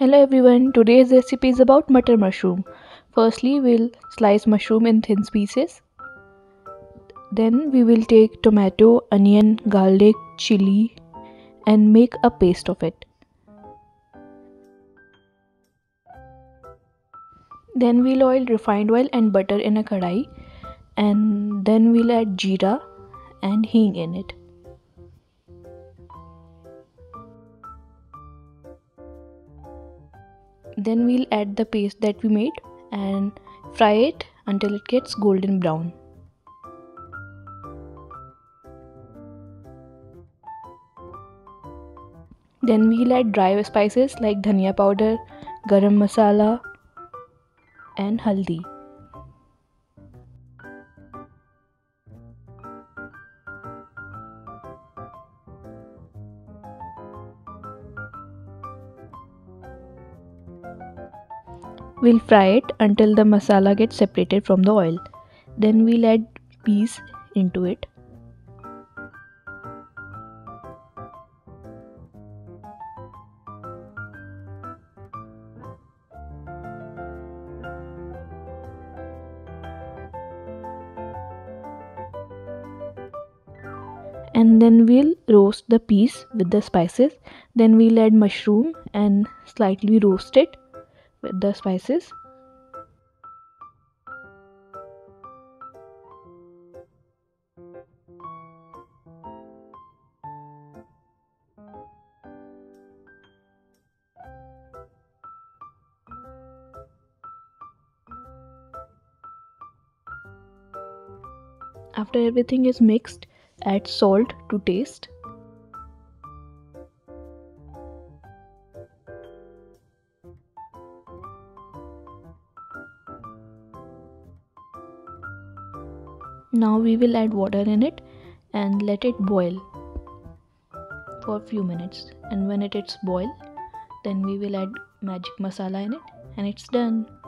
Hello everyone, today's recipe is about mutter mushroom. Firstly, we'll slice mushroom in thin pieces. Then we will take tomato, onion, garlic, chili and make a paste of it. Then we'll oil refined oil and butter in a kadai and then we'll add jeera and hing in it. then we'll add the paste that we made and fry it until it gets golden brown then we'll add dry spices like dhania powder garam masala and haldi We'll fry it until the masala gets separated from the oil. Then we'll add peas into it. and then we'll roast the peas with the spices then we'll add mushroom and slightly roast it with the spices After everything is mixed, add salt to taste now we will add water in it and let it boil for a few minutes and when it it's boil then we will add magic masala in it and it's done